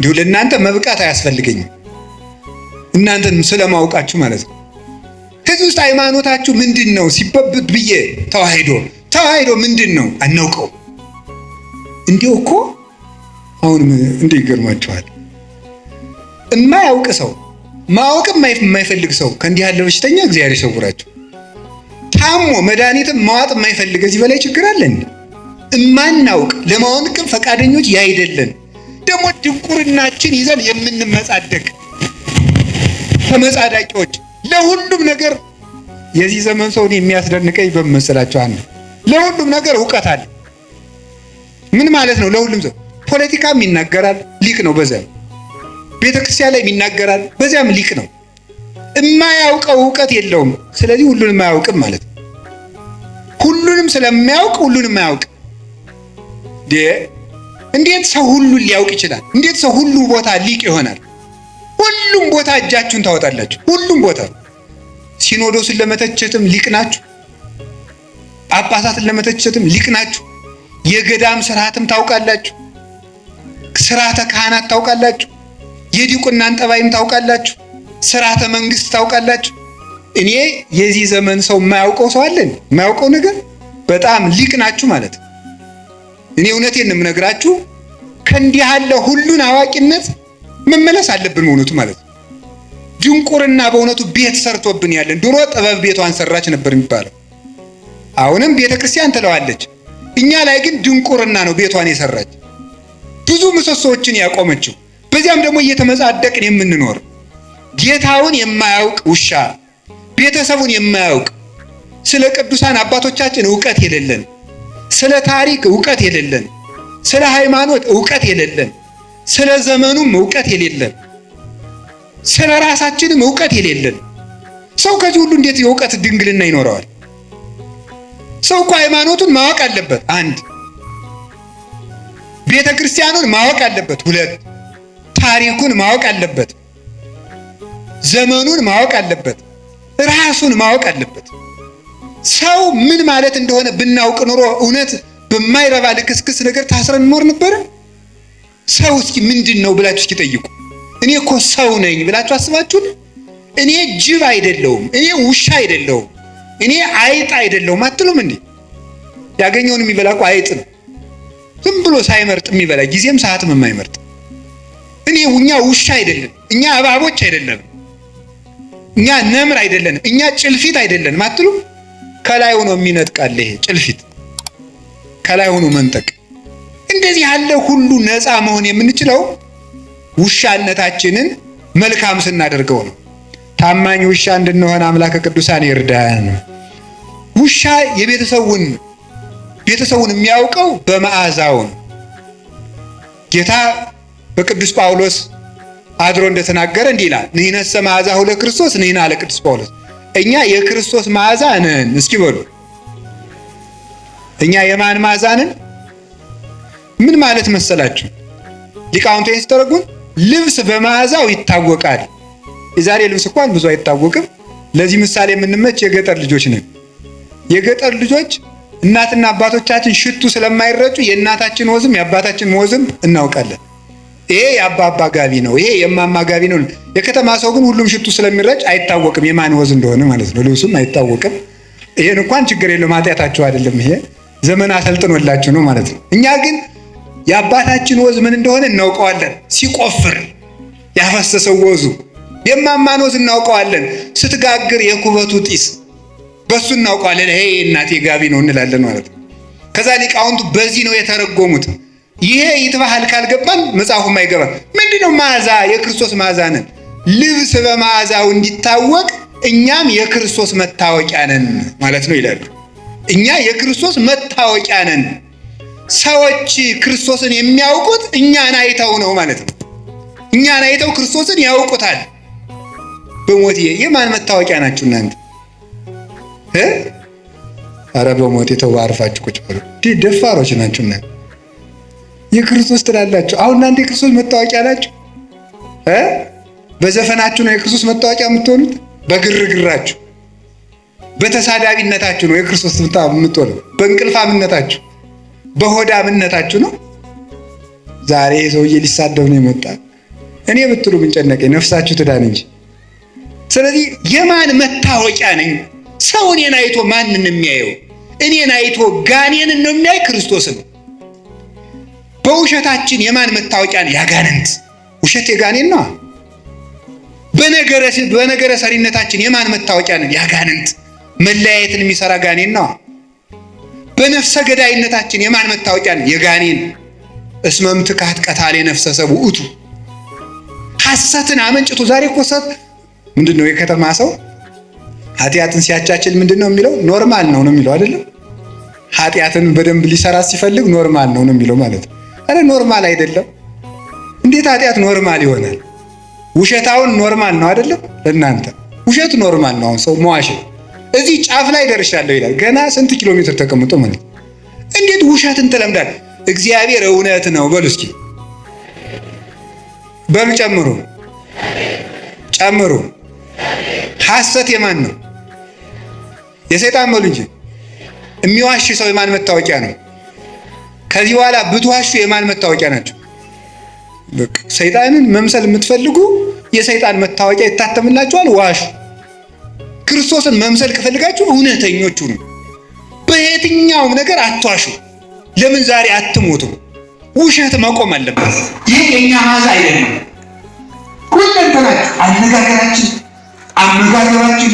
እንዲሁ ለእናንተ መብቃት አያስፈልገኝም። እናንተን ስለማውቃችሁ ማለት ነው። ከዚህ ውስጥ ሃይማኖታችሁ ምንድን ነው ሲበብት ብዬ ተዋሂዶ ተዋሂዶ ምንድን ነው አናውቀው። እንዲሁ እኮ አሁንም እንዲህ ይገርማችኋል። እማያውቅ ሰው ማወቅ የማይፈልግ ሰው ከእንዲህ ያለ በሽተኛ እግዚአብሔር ይሰውራቸው። ታሞ መድኃኒትም ማዋጥ የማይፈልግ እዚህ በላይ ችግር አለን። እማናውቅ ለማወቅ ፈቃደኞች ያይደለን ደግሞ ድንቁርናችን ይዘን የምንመጻደቅ ተመጻዳቂዎች ለሁሉም ነገር የዚህ ዘመን ሰውን የሚያስደንቀኝ በምመስላቸው አንዱ ለሁሉም ነገር እውቀት አለ። ምን ማለት ነው? ለሁሉም ሰው ፖለቲካም ይናገራል፣ ሊቅ ነው። በዚያም ቤተክርስቲያን ላይ ይናገራል፣ በዚያም ሊቅ ነው። የማያውቀው እውቀት የለውም። ስለዚህ ሁሉንም አያውቅም ማለት ነው። ሁሉንም ስለሚያውቅ ሁሉንም አያውቅ እንዴት ሰው ሁሉን ሊያውቅ ይችላል? እንዴት ሰው ሁሉ ቦታ ሊቅ ይሆናል? ሁሉም ቦታ እጃችሁን ታወጣላችሁ። ሁሉም ቦታ ሲኖዶስን ለመተቸትም ሊቅ ናችሁ። ጳጳሳትን ለመተቸትም ሊቅ ናችሁ። የገዳም ስርዓትም ታውቃላችሁ። ስርዓተ ካህናት ታውቃላችሁ። የዲቁናን ጠባይም ታውቃላችሁ። ስርዓተ መንግስት ታውቃላችሁ። እኔ የዚህ ዘመን ሰው የማያውቀው ሰው አለን? የማያውቀው ነገር በጣም ሊቅ ናችሁ ማለት ነው። እኔ እውነቴን የምነግራችሁ ከእንዲህ ያለ ሁሉን አዋቂነት መመለስ አለብን በእውነቱ ማለት ነው። ድንቁርና በእውነቱ ቤት ሰርቶብን ያለን። ድሮ ጥበብ ቤቷን ሰራች ነበር የሚባለው። አሁንም ቤተ ክርስቲያን ትለዋለች። እኛ ላይ ግን ድንቁርና ነው ቤቷን የሰራች ብዙ ምሰሶዎችን ያቆመችው። በዚያም ደግሞ እየተመጻደቅን የምንኖር ጌታውን የማያውቅ ውሻ፣ ቤተሰቡን የማያውቅ ስለ ቅዱሳን አባቶቻችን እውቀት የሌለን ስለ ታሪክ እውቀት የሌለን፣ ስለ ሃይማኖት እውቀት የሌለን፣ ስለ ዘመኑም እውቀት የሌለን፣ ስለ ራሳችንም እውቀት የሌለን ሰው ከዚህ ሁሉ እንዴት የእውቀት ድንግልና ይኖረዋል? ሰው እኮ ሃይማኖቱን ማወቅ አለበት። አንድ ቤተ ክርስቲያኑን ማወቅ አለበት። ሁለት ታሪኩን ማወቅ አለበት። ዘመኑን ማወቅ አለበት። ራሱን ማወቅ አለበት። ሰው ምን ማለት እንደሆነ ብናውቅ ኑሮ እውነት በማይረባ ልክስክስ ነገር ታስረን እንኖር ነበረ? ሰው እስኪ ምንድን ነው ብላችሁ እስኪ ጠይቁ። እኔ እኮ ሰው ነኝ ብላችሁ አስባችሁን? እኔ ጅብ አይደለውም እኔ ውሻ አይደለውም። እኔ አይጥ አይደለውም አትሉም እንዴ? ያገኘውን የሚበላ እኮ አይጥ ነው፣ ዝም ብሎ ሳይመርጥ የሚበላ ጊዜም ሰዓትም የማይመርጥ እኔ እኛ ውሻ አይደለም፣ እኛ እባቦች አይደለም፣ እኛ ነምር አይደለንም፣ እኛ ጭልፊት አይደለንም አትሉም? ከላይ ሆኖ የሚነጥቃል። ይሄ ጭልፊት ከላይ ሆኖ መንጠቅ። እንደዚህ ያለ ሁሉ ነፃ መሆን የምንችለው ውሻነታችንን መልካም ስናደርገው ነው። ታማኝ ውሻ እንድንሆን አምላከ ቅዱሳን ይርዳን። ውሻ የቤተሰቡን ቤተሰቡን የሚያውቀው በመዓዛው ነው። ጌታ በቅዱስ ጳውሎስ አድሮ እንደተናገረ እንዲህ ይላል፣ ንሕነሰ መዓዛሁ ለክርስቶስ ንሕና ለቅዱስ ጳውሎስ እኛ የክርስቶስ መዓዛ ነን። እስኪ በሉ እኛ የማን መዓዛ ነን? ምን ማለት መሰላችሁ? ሊቃውንቱ ሲተረጉም ልብስ በመዓዛው ይታወቃል። የዛሬ ልብስ እንኳን ብዙ አይታወቅም። ለዚህ ምሳሌ የምንመች የገጠር ልጆች ነን። የገጠር ልጆች እናትና አባቶቻችን ሽቱ ስለማይረጩ የእናታችን ወዝም የአባታችን ወዝም እናውቃለን። ይሄ የአባባ ጋቢ ነው፣ ይሄ የማማ ጋቢ ነው። የከተማ ሰው ግን ሁሉም ሽቱ ስለሚረጭ አይታወቅም፣ የማን ወዝ እንደሆነ ማለት ነው። ልብሱም አይታወቅም። ይሄን እንኳን ችግር የለውም፣ ኃጢአታቸው አይደለም። ይሄ ዘመን አሰልጥኖላችሁ ነው ማለት ነው። እኛ ግን የአባታችን ወዝ ምን እንደሆነ እናውቀዋለን። ሲቆፍር ያፈሰሰው ወዙ የማማን ወዝ እናውቀዋለን። ስትጋግር የኩበቱ ጢስ በሱ እናውቀዋለን። ይሄ እናቴ ጋቢ ነው እንላለን ማለት ነው። ከዛ ሊቃውንቱ በዚህ ነው የተረጎሙት። ይሄ ባህል ካልገባን መጽሐፉም አይገባም። ምንድነው መዓዛ? የክርስቶስ መዓዛ ነን። ልብስ በመዓዛው እንዲታወቅ እኛም የክርስቶስ መታወቂያ ነን ማለት ነው ይላሉ። እኛ የክርስቶስ መታወቂያ ነን። ሰዎች ክርስቶስን የሚያውቁት እኛን አይተው ነው ማለት ነው። እኛን አይተው ክርስቶስን ያውቁታል። በሞቴ የማን መታወቂያ ናችሁ እናንተ? ኧረ በሞቴ ተው፣ አርፋችሁ ቁጭ በሉ። ደፋሮች ናችሁ እናንተ። የክርስቶስ ትላላችሁ። አሁን እናንተ የክርስቶስ መታወቂያ ናችሁ። በዘፈናችሁ ነው የክርስቶስ መታወቂያ የምትሆኑት። በግርግራችሁ፣ በተሳዳቢነታችሁ ነው የክርስቶስ የምትሆኑት። በእንቅልፋምነታችሁ፣ በሆዳምነታችሁ ነው። ዛሬ ሰውዬ ሊሳደብ ነው የመጣ እኔ ብትሉ ምን ጨነቀኝ? ነፍሳችሁ ትዳን እንጂ። ስለዚህ የማን መታወቂያ ነኝ? ሰው እኔን አይቶ ማንን የሚያየው? እኔን አይቶ ጋኔንን ነው የሚያይ ክርስቶስን በውሸታችን የማን መታወቂያ ነው? ያጋንንት ውሸት የጋኔን ነው። በነገረ ሰሪነታችን የማን መታወቂያ ነው? ያጋንንት መለያየትን የሚሰራ ጋኔን ነው። በነፍሰ ገዳይነታችን የማን መታወቂያ ነው? የጋኔን ትካት ቀታሌ ነፍሰ ሰብ ውእቱ ሐሰትን አመንጭቱ። ዛሬ እኮ ምንድነው ምንድን ነው የከተማ ሰው ኃጢአትን ሲያቻችል ምንድን ነው የሚለው? ኖርማል ነው ነው የሚለው አይደለም። ኃጢአትን በደንብ ሊሰራ ሲፈልግ ኖርማል ነው ነው የሚለው ማለት ነው። አረ ኖርማል አይደለም። እንዴት ኃጢአት ኖርማል ይሆናል? ውሸታውን ኖርማል ነው አይደለም? ለእናንተ ውሸት ኖርማል ነው። አሁን ሰው መዋሸት እዚህ ጫፍ ላይ ደርሻለሁ ይላል። ገና ስንት ኪሎ ሜትር ተቀምጦ ማለት እንዴት ውሸትን ትለምዳለህ? እግዚአብሔር እውነት ነው በሉ እስኪ በሉ ጨምሩ ጨምሩ። ሐሰት የማን ነው? የሰይጣን በሉ እንጂ የሚዋሽ ሰው የማን መታወቂያ ነው? ከዚህ በኋላ ብትዋሹ የማን መታወቂያ ናቸው? ሰይጣንን መምሰል የምትፈልጉ የሰይጣን መታወቂያ ይታተምላችኋል። ዋሹ። ክርስቶስን መምሰል ከፈልጋችሁ እውነተኞቹ ነው። በየትኛውም ነገር አትዋሹ። ለምን ዛሬ አትሞቱም? ውሸት መቆም አለበት። ይህ የኛ ማዛ አይደለም። ሁለንተናችሁ፣ አነጋገራችን፣ አመጋገባችን፣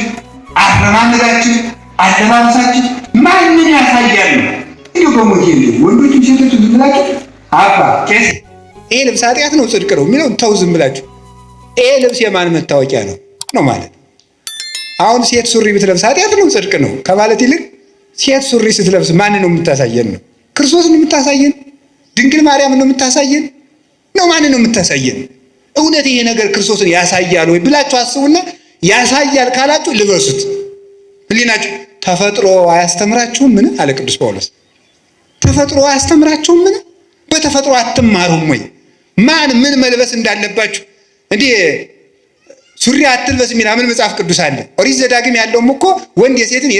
አረማመዳችን፣ አለባበሳችን ማንን ያሳያል? ወንዶችም ሴቶችም ዝም አባ ቄስ ይሄ ልብስ ኃጢአት ነው ጽድቅ ነው የሚለውን ተው ዝም ብላችሁ ይሄ ልብስ የማን መታወቂያ ነው ነው ማለት አሁን ሴት ሱሪ ብትለብስ ኃጢአት ነው ጽድቅ ነው ከማለት ይልቅ ሴት ሱሪ ስትለብስ ማን ነው የምታሳየን ነው ክርስቶስ ነው የምታሳየን ድንግል ማርያም ነው የምታሳየን ነው ማን ነው የምታሳየን እውነት ይሄ ነገር ክርስቶስን ያሳያል ወይ ብላችሁ አስቡና ያሳያል ካላችሁ ልበሱት ህሊናችሁ ተፈጥሮ አያስተምራችሁም ምን አለ ቅዱስ ጳውሎስ ተፈጥሮ አያስተምራቸውም? ምን በተፈጥሮ አትማሩም ወይ? ማን ምን መልበስ እንዳለባችሁ እንዴ ሱሪ አትልበስ የሚላ ምን መጽሐፍ ቅዱስ አለ? ኦሪት ዘዳግም ያለውም እኮ ወንድ የሴትን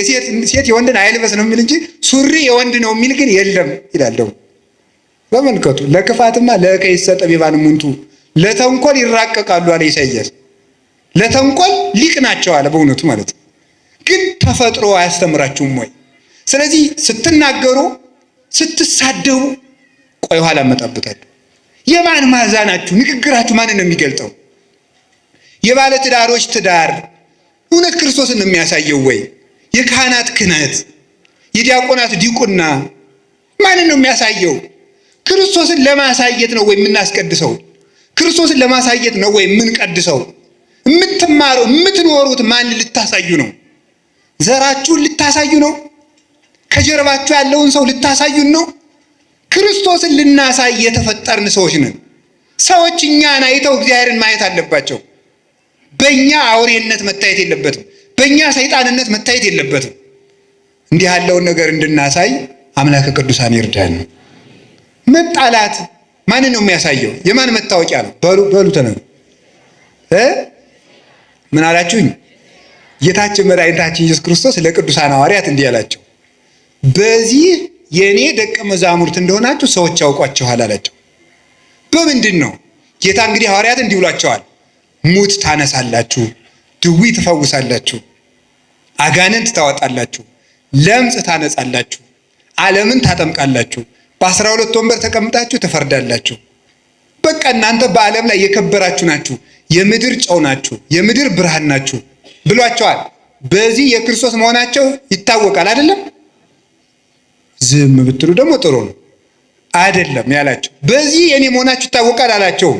ሴት የወንድን አይልበስ ነው የሚል እንጂ ሱሪ የወንድ ነው የሚል ግን የለም ይላለው። በመልከቱ ለክፋትማ ለከይሰጠ ቢባን ሙንቱ ለተንኮል ይራቀቃሉ አለ ኢሳይያስ። ለተንኮል ሊቅ ናቸው አለ በእውነቱ ማለት ግን ተፈጥሮ አያስተምራችሁም ወይ? ስለዚህ ስትናገሩ ስትሳደቡ፣ ቆይ ኋላ እመጣበታለሁ። የማን ማዛ ናችሁ? ንግግራችሁ ማንን ነው የሚገልጠው? የባለ ትዳሮች ትዳር እውነት ክርስቶስን ነው የሚያሳየው ወይ? የካህናት ክህነት፣ የዲያቆናት ዲቁና ማንን ነው የሚያሳየው? ክርስቶስን ለማሳየት ነው ወይ የምናስቀድሰው? ክርስቶስን ለማሳየት ነው ወይ የምንቀድሰው? የምትማሩ የምትኖሩት ማንን ልታሳዩ ነው? ዘራችሁን ልታሳዩ ነው? ከጀርባችሁ ያለውን ሰው ልታሳዩን ነው? ክርስቶስን ልናሳይ የተፈጠርን ሰዎች ነን። ሰዎች እኛን አይተው እግዚአብሔርን ማየት አለባቸው። በእኛ አውሬነት መታየት የለበትም። በእኛ ሰይጣንነት መታየት የለበትም። እንዲህ ያለውን ነገር እንድናሳይ አምላከ ቅዱሳን ይርዳን። መጣላት ማንን ነው የሚያሳየው? የማን መታወቂያ ነው? በሉ በሉ ተነሱ እ ምን አላችሁኝ? ጌታችን መድኃኒታችን ኢየሱስ ክርስቶስ ለቅዱሳን ሐዋርያት እንዲህ ያላቸው በዚህ የእኔ ደቀ መዛሙርት እንደሆናችሁ ሰዎች ያውቋችኋል አላቸው። በምንድን ነው ጌታ እንግዲህ ሐዋርያት እንዲህ ብሏቸዋል፣ ሙት ታነሳላችሁ፣ ድዊ ትፈውሳላችሁ፣ አጋንንት ታወጣላችሁ፣ ለምጽ ታነጻላችሁ፣ ዓለምን ታጠምቃላችሁ፣ በአስራ ሁለት ወንበር ተቀምጣችሁ ትፈርዳላችሁ። በቃ እናንተ በዓለም ላይ የከበራችሁ ናችሁ፣ የምድር ጨው ናችሁ፣ የምድር ብርሃን ናችሁ ብሏቸዋል። በዚህ የክርስቶስ መሆናቸው ይታወቃል አይደለም? ዝም ብትሉ ደግሞ ጥሩ ነው። አይደለም ያላቸው በዚህ የኔ መሆናችሁ ይታወቃል አላቸውም።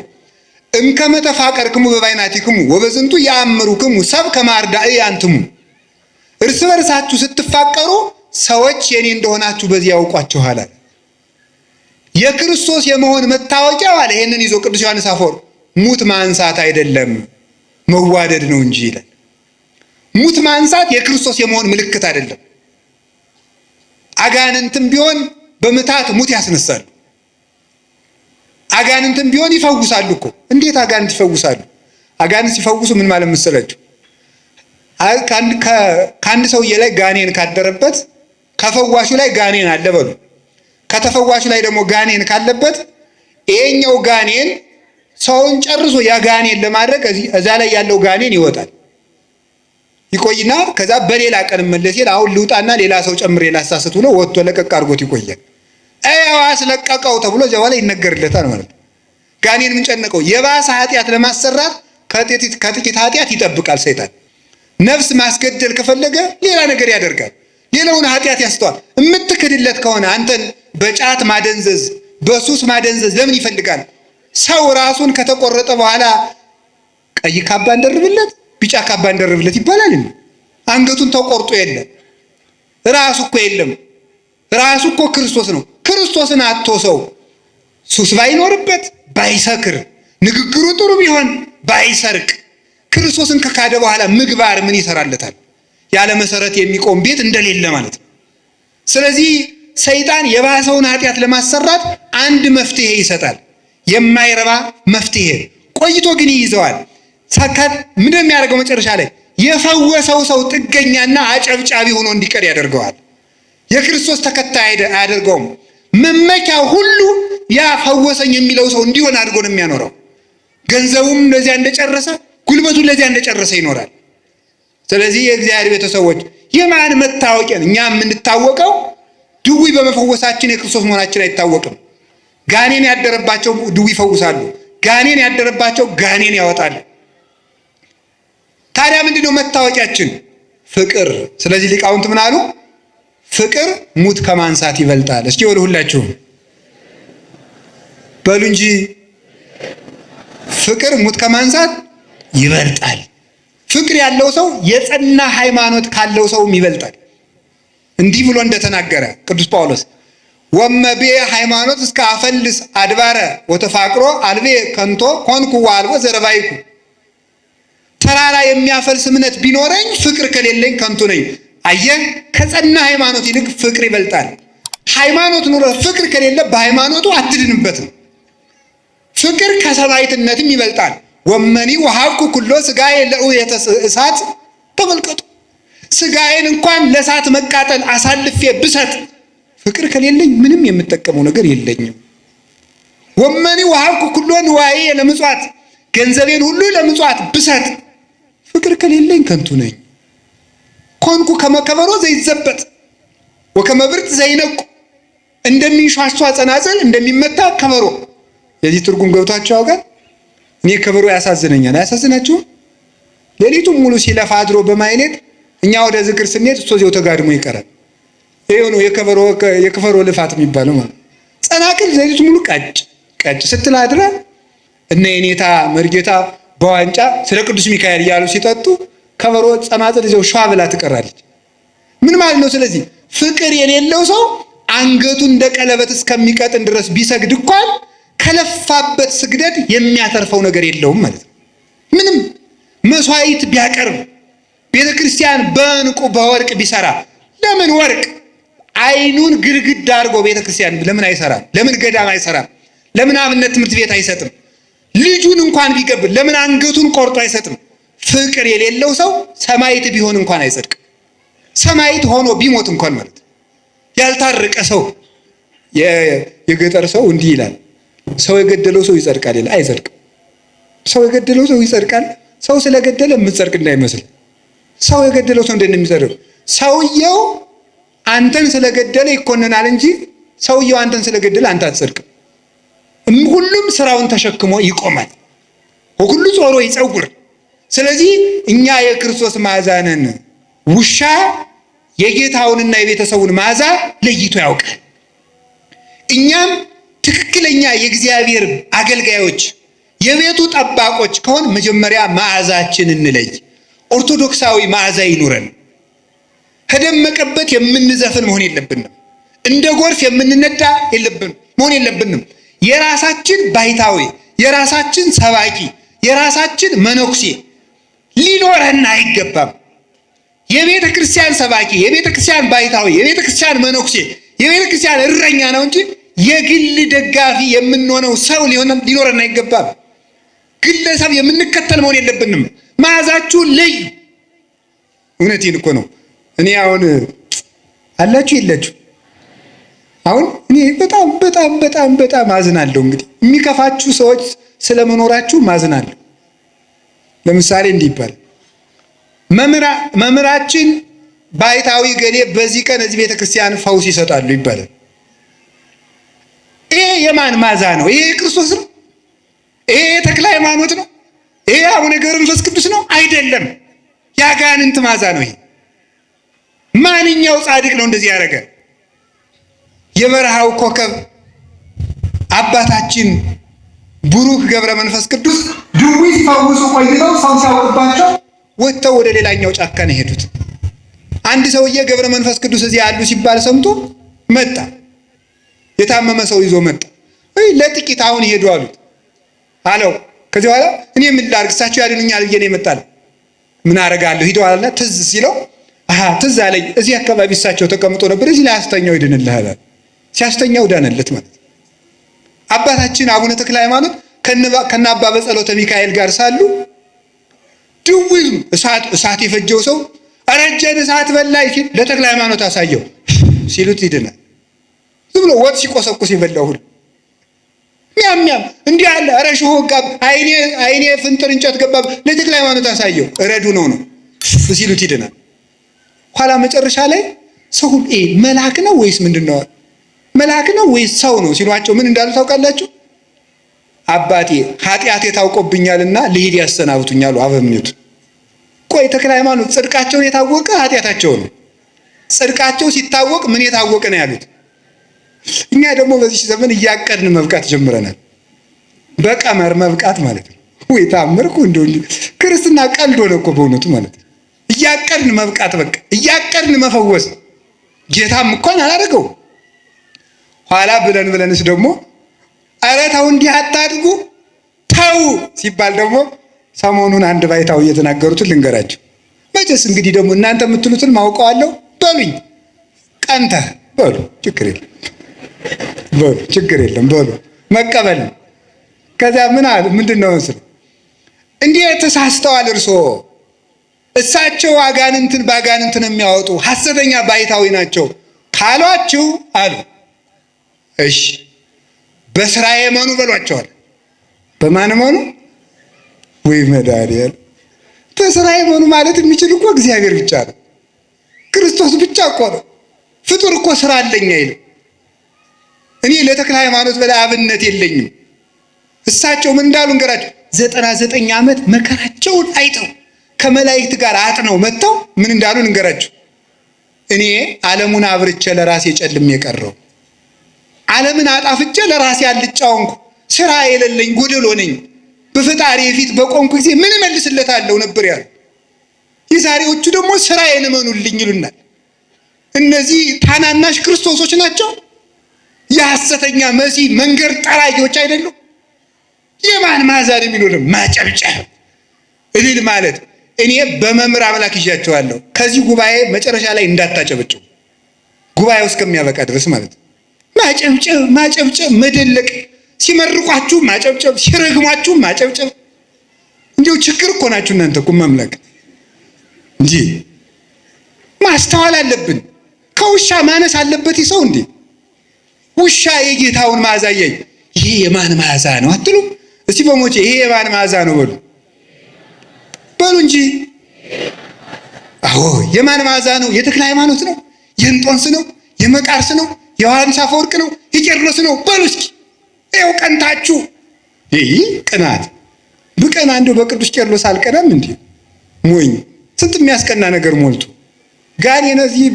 እምከመ ተፋቀርክሙ በባይናቲክሙ ወበዝንቱ የአምሩክሙ ሰብ ከማርዳ እያንትሙ እርስ በርሳችሁ ስትፋቀሩ ሰዎች የኔ እንደሆናችሁ በዚህ ያውቋችኋል አለ። የክርስቶስ የመሆን መታወቂያ አለ። ይህንን ይዞ ቅዱስ ዮሐንስ አፈወርቅ ሙት ማንሳት አይደለም መዋደድ ነው እንጂ ይላል። ሙት ማንሳት የክርስቶስ የመሆን ምልክት አይደለም። አጋንንትም ቢሆን በምታት ሙት ያስነሳሉ። አጋንንትም ቢሆን ይፈውሳሉ እኮ። እንዴት አጋንንት ይፈውሳሉ? አጋንንት ሲፈውሱ ምን ማለት መሰላችሁ? ከአንድ ሰውዬ ላይ ጋኔን ካደረበት ከፈዋሹ ላይ ጋኔን አለ በሉ። ከተፈዋሹ ላይ ደግሞ ጋኔን ካለበት ይሄኛው ጋኔን ሰውን ጨርሶ ያ ጋኔን ለማድረግ እዛ ላይ ያለው ጋኔን ይወጣል። ይቆይና ከዛ በሌላ ቀን መለስ አሁን ልውጣና ሌላ ሰው ጨምሬ ላሳስት ብሎ ወጥቶ ለቀቅ አድርጎት ይቆያል። ያው አስለቀቀው ተብሎ እዚያ በኋላ ይነገርለታል ማለት ነው። ጋኔን ምን ጨነቀው? የባሰ ኃጢአት ለማሰራት ከጥቂት ኃጢአት ይጠብቃል ሰይጣን። ነፍስ ማስገደል ከፈለገ ሌላ ነገር ያደርጋል። ሌላውን ኃጢአት ያስተዋል። የምትክድለት ከሆነ አንተን በጫት ማደንዘዝ፣ በሱስ ማደንዘዝ ለምን ይፈልጋል? ሰው ራሱን ከተቆረጠ በኋላ ቀይ ካባ እንደርብለት ቢጫ ካባ እንደርብለት ይባላል እንዴ? አንገቱን ተቆርጦ የለም ራሱ እኮ የለም። ራሱ እኮ ክርስቶስ ነው። ክርስቶስን አቶ ሰው ሱስ ባይኖርበት፣ ባይሰክር፣ ንግግሩ ጥሩ ቢሆን፣ ባይሰርቅ ክርስቶስን ከካደ በኋላ ምግባር ምን ይሰራለታል? ያለ መሰረት የሚቆም ቤት እንደሌለ ማለት ነው። ስለዚህ ሰይጣን የባሰውን ኃጢአት ለማሰራት አንድ መፍትሄ ይሰጣል። የማይረባ መፍትሄ ቆይቶ ግን ይይዘዋል። ሳካት ምንድን የሚያደርገው መጨረሻ ላይ የፈወሰው ሰው ጥገኛና አጨብጫቢ ሆኖ እንዲቀር ያደርገዋል። የክርስቶስ ተከታይ አያደርገውም። መመኪያ ሁሉ ያ ፈወሰኝ የሚለው ሰው እንዲሆን አድርጎ ነው የሚያኖረው። ገንዘቡም ለዚያ እንደጨረሰ፣ ጉልበቱም ለዚያ እንደጨረሰ ይኖራል። ስለዚህ የእግዚአብሔር ቤተሰቦች የማን መታወቂያ እኛ የምንታወቀው ድዊ በመፈወሳችን የክርስቶስ መሆናችን አይታወቅም። ጋኔን ያደረባቸው ድዊ ይፈውሳሉ። ጋኔን ያደረባቸው ጋኔን ያወጣሉ። ታዲያ ምንድን ነው መታወቂያችን? ፍቅር። ስለዚህ ሊቃውንት ምን አሉ? ፍቅር ሙት ከማንሳት ይበልጣል። እስኪ ወደ ሁላችሁም በሉ እንጂ ፍቅር ሙት ከማንሳት ይበልጣል። ፍቅር ያለው ሰው የጸና ሃይማኖት ካለው ሰውም ይበልጣል። እንዲህ ብሎ እንደተናገረ ቅዱስ ጳውሎስ ወመቤ ሃይማኖት እስከ አፈልስ አድባረ ወተፋቅሮ አልቤ ከንቶ ኮንኩ ዋልቦ ዘረባይኩ ተራራ የሚያፈልስ እምነት ቢኖረኝ ፍቅር ከሌለኝ ከንቱ ነኝ። አየህ፣ ከጸና ሃይማኖት ይልቅ ፍቅር ይበልጣል። ሃይማኖት ኑሮ ፍቅር ከሌለ በሃይማኖቱ አትድንበትም። ፍቅር ከሰማይትነትም ይበልጣል። ወመኒ ወሀብኩ ኩሎ ስጋዬ ለእሳት እሳት ተመልከቱ። ስጋዬን እንኳን ለእሳት መቃጠል አሳልፌ ብሰጥ ፍቅር ከሌለኝ ምንም የምጠቀመው ነገር የለኝም። ወመኒ ወሀብኩ ኩሎ ንዋዬ ለምጽዋት ገንዘቤን ሁሉ ለምጽዋት ብሰጥ ፍቅር ከሌለኝ ከንቱ ነኝ። ኮንኩ ከመከበሮ ዘይዘበጥ ወከመብርት ዘይነቁ እንደሚንሿሿ ጸናጽል እንደሚመታ ከበሮ። የዚህ ትርጉም ገብቷቸው ያውቃል? እኔ ከበሮ ያሳዝነኛል። አያሳዝናችሁም? ሌሊቱን ሙሉ ሲለፋ አድሮ በማይኔት እኛ ወደ ዝክር ስንሄድ እሱ እዚያው ተጋድሞ ይቀራል። ይሄው ነው የከበሮ የከበሮ ልፋት የሚባለው ማለት ጸናቅል ሌሊቱን ሙሉ ቀጭ ቀጭ ስትል አድራ እነ የኔታ መርጌታ በዋንጫ ስለ ቅዱስ ሚካኤል እያሉ ሲጠጡ ከበሮ ጸናጽል ይዘው ሸዋ ብላ ትቀራለች። ምን ማለት ነው? ስለዚህ ፍቅር የሌለው ሰው አንገቱ እንደ ቀለበት እስከሚቀጥን ድረስ ቢሰግድ እንኳን ከለፋበት ስግደት የሚያተርፈው ነገር የለውም ማለት ነው። ምንም መስዋዕት ቢያቀርብ ቤተ ክርስቲያን በእንቁ በወርቅ ቢሰራ ለምን ወርቅ አይኑን ግድግዳ አድርጎ ቤተ ክርስቲያን ለምን አይሰራም? ለምን ገዳም አይሰራም? ለምን አብነት ትምህርት ቤት አይሰጥም? ልጁን እንኳን ቢገብር ለምን አንገቱን ቆርጦ አይሰጥም? ፍቅር የሌለው ሰው ሰማይት ቢሆን እንኳን አይጸድቅም። ሰማይት ሆኖ ቢሞት እንኳን ማለት ያልታረቀ ሰው የገጠር ሰው እንዲህ ይላል፣ ሰው የገደለው ሰው ይጸድቃል ይላል። አይጸድቅም። ሰው የገደለው ሰው ይጸድቃል። ሰው ስለገደለ የምትጸድቅ እንዳይመስል። ሰው የገደለው ሰው እንደሚጸድቅ ሰውየው አንተን ስለገደለ ይኮንናል እንጂ ሰውየው አንተን ስለገደለ አንተ አትጸድቅም። ሁሉም ስራውን ተሸክሞ ይቆማል። ሁሉ ጾሮ ይፀውር። ስለዚህ እኛ የክርስቶስ መዓዛ ውሻ የጌታውንና የቤተሰቡን መዓዛ ለይቶ ያውቃል። እኛም ትክክለኛ የእግዚአብሔር አገልጋዮች የቤቱ ጠባቆች ከሆን መጀመሪያ መዓዛችን እንለይ። ኦርቶዶክሳዊ መዓዛ ይኑረን። ከደመቀበት የምንዘፍን መሆን የለብንም። እንደ ጎርፍ የምንነዳ የለብን መሆን የለብንም። የራሳችን ባይታዊ፣ የራሳችን ሰባኪ፣ የራሳችን መነኩሴ ሊኖረን አይገባም። የቤተ ክርስቲያን ሰባኪ፣ የቤተ ክርስቲያን ባይታዊ፣ የቤተ ክርስቲያን መነኩሴ፣ የቤተ ክርስቲያን እረኛ ነው እንጂ የግል ደጋፊ የምንሆነው ሰው ሊኖረን አይገባም። ግለሰብ የምንከተል መሆን የለብንም። መዓዛችሁን ለዩ። እውነቴን እኮ ነው። እኔ አሁን አላችሁ የላችሁ አሁን እኔ በጣም በጣም በጣም በጣም አዝናለሁ። እንግዲህ የሚከፋችሁ ሰዎች ስለመኖራችሁ ማዝናለሁ። ለምሳሌ እንዲህ ይባላል፣ መምህራችን ባይታዊ ገሌ በዚህ ቀን እዚህ ቤተክርስቲያን ፈውስ ይሰጣሉ ይባላል። ይሄ የማን ማዛ ነው? ይሄ የክርስቶስ ነው? ይሄ የተክለ ሃይማኖት ነው? ይሄ አቡነ ገብረ መንፈስ ቅዱስ ነው? አይደለም። ያጋንንት ማዛ ነው። ይሄ ማንኛው ጻድቅ ነው እንደዚህ ያደረገ? የበረሃው ኮከብ አባታችን ብሩክ ገብረ መንፈስ ቅዱስ ድዊ ሲፈውሱ ቆይተው ሰው ሲያውቅባቸው ወጥተው ወደ ሌላኛው ጫካ ነው የሄዱት። አንድ ሰውዬ ገብረ መንፈስ ቅዱስ እዚህ አሉ ሲባል ሰምቶ መጣ። የታመመ ሰው ይዞ መጣ። ወይ ለጥቂት አሁን ይሄዱ አሉት አለው። ከዚህ በኋላ እኔ ምን ላድርግ እሳቸው ያድኑኛል ብዬ ነው የመጣል ምን አደርጋለሁ? ሂዶ አለና ትዝ ሲለው አሃ ትዝ አለኝ እዚህ አካባቢ እሳቸው ተቀምጦ ነበር እዚህ ላይ አስተኛው ይድንልህ አለ። ሲያስተኛው ዳነለት ማለት ነው። አባታችን አቡነ ተክለ ሃይማኖት ከነ አባ በጸሎተ ሚካኤል ጋር ሳሉ ድውይ እሳት እሳት የፈጀው ሰው አረጀን እሳት በላይ ሲል ለተክለ ሃይማኖት አሳየው ሲሉት ይድናል። ዝም ብሎ ወጥ ሲቆሰቁስ ይበላው ሁሉ ሚያም ሚያም እንዲህ አለ። ኧረ ሽሆ ጋብ አይኔ አይኔ ፍንጥር እንጨት ገባብ ለተክለ ሃይማኖት አሳየው እረዱ ነው ነው ሲሉት ይድናል። ኋላ መጨረሻ ላይ ሰው ሁሉ መልአክ ነው ወይስ ምንድን ነው? መልአክ ነው ወይስ ሰው ነው ሲሏቸው ምን እንዳሉ ታውቃላችሁ? አባቴ ኃጢአቴ ታውቆብኛልና ልሂድ ያሰናብቱኝ አሉ አበምኔቱ። ቆይ ተክለ ሃይማኖት ጽድቃቸውን የታወቀ ኃጢአታቸው ነው። ጽድቃቸው ሲታወቅ ምን የታወቀ ነው ያሉት። እኛ ደግሞ በዚህ ዘመን እያቀድን መብቃት ጀምረናል። በቀመር መብቃት ማለት ነው። ወይ ታምርኩ እንደ ክርስትና ቀልድ ሆነ እኮ በእውነቱ ማለት ነው። እያቀድን መብቃት በቃ እያቀድን መፈወስ ጌታም እንኳን አላደረገው ኋላ ብለን ብለንስ ደግሞ ኧረ ተው እንዲህ አታድርጉ ተው ሲባል ደግሞ ሰሞኑን አንድ ባይታው እየተናገሩትን ልንገራቸው። መቼስ እንግዲህ ደግሞ እናንተ የምትሉትን ማውቀዋለሁ በሉኝ፣ ቀንተ በሉ፣ ችግር የለም በሉ፣ ችግር የለም በሉ፣ መቀበል ነው። ከዚያ ምን አሉ? ምንድን ነው መስል እንዲህ ተሳስተዋል እርስዎ እሳቸው አጋንንትን በአጋንንትን የሚያወጡ ሐሰተኛ ባይታዊ ናቸው ካሏችሁ አሉ እሺ በስራዬ መኑ በሏቸዋል። በማን መኑ? ወይ መድኃኒዓለም በስራዬ መኑ ማለት የሚችል እኮ እግዚአብሔር ብቻ ነው። ክርስቶስ ብቻ እኮ ነው። ፍጡር እኮ ስራ አለኝ አይልም። እኔ ለተክለ ሃይማኖት በላይ አብነት የለኝም። እሳቸው ምን እንዳሉ እንገራቸው። ዘጠና ዘጠኝ ዓመት መከራቸውን አይተው ከመላእክት ጋር አጥነው መጥተው ምን እንዳሉ እንገራቸው። እኔ ዓለሙን አብርቼ ለራሴ ጨልም የቀረው ዓለምን አጣፍጬ ለራሴ አልጫወንኩ ስራ የሌለኝ ጎደሎ ነኝ። በፈጣሪ የፊት በቆንኩ ጊዜ ምን እመልስለታለሁ ነበር ያሉ። የዛሬዎቹ ደግሞ ስራ የንመኑልኝ ይሉናል። እነዚህ ታናናሽ ክርስቶሶች ናቸው። የሐሰተኛ መሲህ መንገድ ጠራጊዎች አይደሉም። የማን ማዛን የሚኖር ማጨብጨብ፣ እልል ማለት እኔ በመምህር አምላክ ይዣቸዋለሁ። ከዚህ ጉባኤ መጨረሻ ላይ እንዳታጨበጭቡ ጉባኤው እስከሚያበቃ ድረስ ማለት ነው። ማጨብጨብ ማጨብጨብ መደለቅ፣ ሲመርቋችሁ ማጨብጨብ፣ ሲረግሟችሁ ማጨብጨብ። እንዲሁ ችግር እኮ ናችሁ እናንተ እኮ መምለክ እንጂ ማስተዋል አለብን። ከውሻ ማነስ አለበት ሰው እንዴ? ውሻ የጌታውን መዓዛ እያየ ይሄ የማን መዓዛ ነው አትሉ? እስቲ በሞቼ ይሄ የማን መዓዛ ነው በሉ በሉ እንጂ። አዎ የማን መዓዛ ነው? የተክለ ሃይማኖት ነው? የእንጦንስ ነው? የመቃርስ ነው? ዮሐንስ አፈወርቅ ነው የጨረስ ነው በሉ እስኪ ይኸው ቀንታችሁ። ይህ ቅናት ብቀና እንደው በቅዱስ ቄርሎስ አልቀናም እንዴ? ሞኝ ስንት የሚያስቀና ነገር ሞልቶ ጋኔ እነዚህ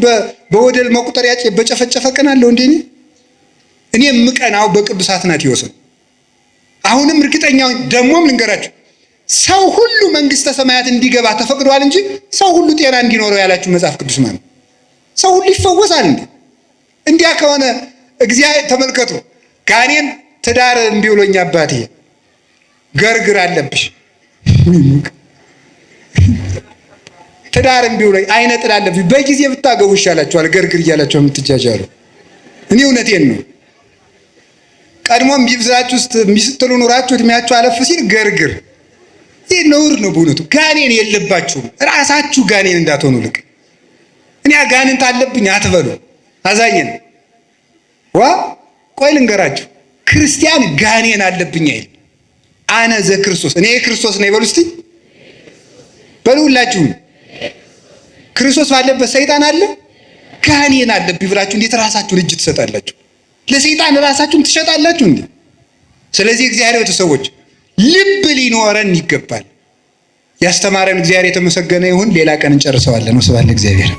በወደል መቁጠሪያ በጨፈጨፈ ቀን አለው እንዴ? እኔ የምቀናው በቅዱስ አትናቴዎስ ነው። አሁንም እርግጠኛ ደግሞም ልንገራችሁ፣ ሰው ሁሉ መንግስተ ሰማያት እንዲገባ ተፈቅዷል እንጂ ሰው ሁሉ ጤና እንዲኖረው ያላችሁ መጽሐፍ ቅዱስ ማለት ሰው ሁሉ ይፈወሳል እንዴ? እንዲያ ከሆነ እግዚአብሔር ተመልከቱ፣ ጋኔን ትዳር እምቢ ብሎኝ አባቴ ገርግር አለብሽ ትዳር እምቢ ብሎኝ አይነ ጥላ አለብሽ በጊዜ ብታገቡ ይሻላችኋል፣ ገርግር እያላችሁ የምትጃጃሉ። እኔ እውነቴን ነው። ቀድሞም ቢብዛችሁ ብላችሁ ውስጥ እምቢ ስትሉ ኑራችሁ እድሜያችሁ አለፍ ሲል ገርግር፣ ይህ ነውር ነው በእውነቱ። ጋኔን የለባችሁም፣ ራሳችሁ ጋኔን እንዳትሆኑ ልቅ እኔ ጋኔን ታለብኝ አትበሉ። አዛኝን ዋ ቆይ ልንገራችሁ፣ ክርስቲያን ጋኔን አለብኝ አይል አነ ዘ ክርስቶስ እኔ ክርስቶስ ነኝ ይበሉ እስቲ በሉ ሁላችሁም። ክርስቶስ ባለበት ሰይጣን አለ ጋኔን አለብኝ ብላችሁ እንዴት ራሳችሁን እጅ ትሰጣላችሁ? ለሰይጣን ራሳችሁን ትሸጣላችሁ እንዴ? ስለዚህ እግዚአብሔር ቤተሰቦች ልብ ሊኖረን ይገባል። ያስተማረን እግዚአብሔር የተመሰገነ ይሁን። ሌላ ቀን እንጨርሰዋለን። ወስብሐት ለእግዚአብሔር።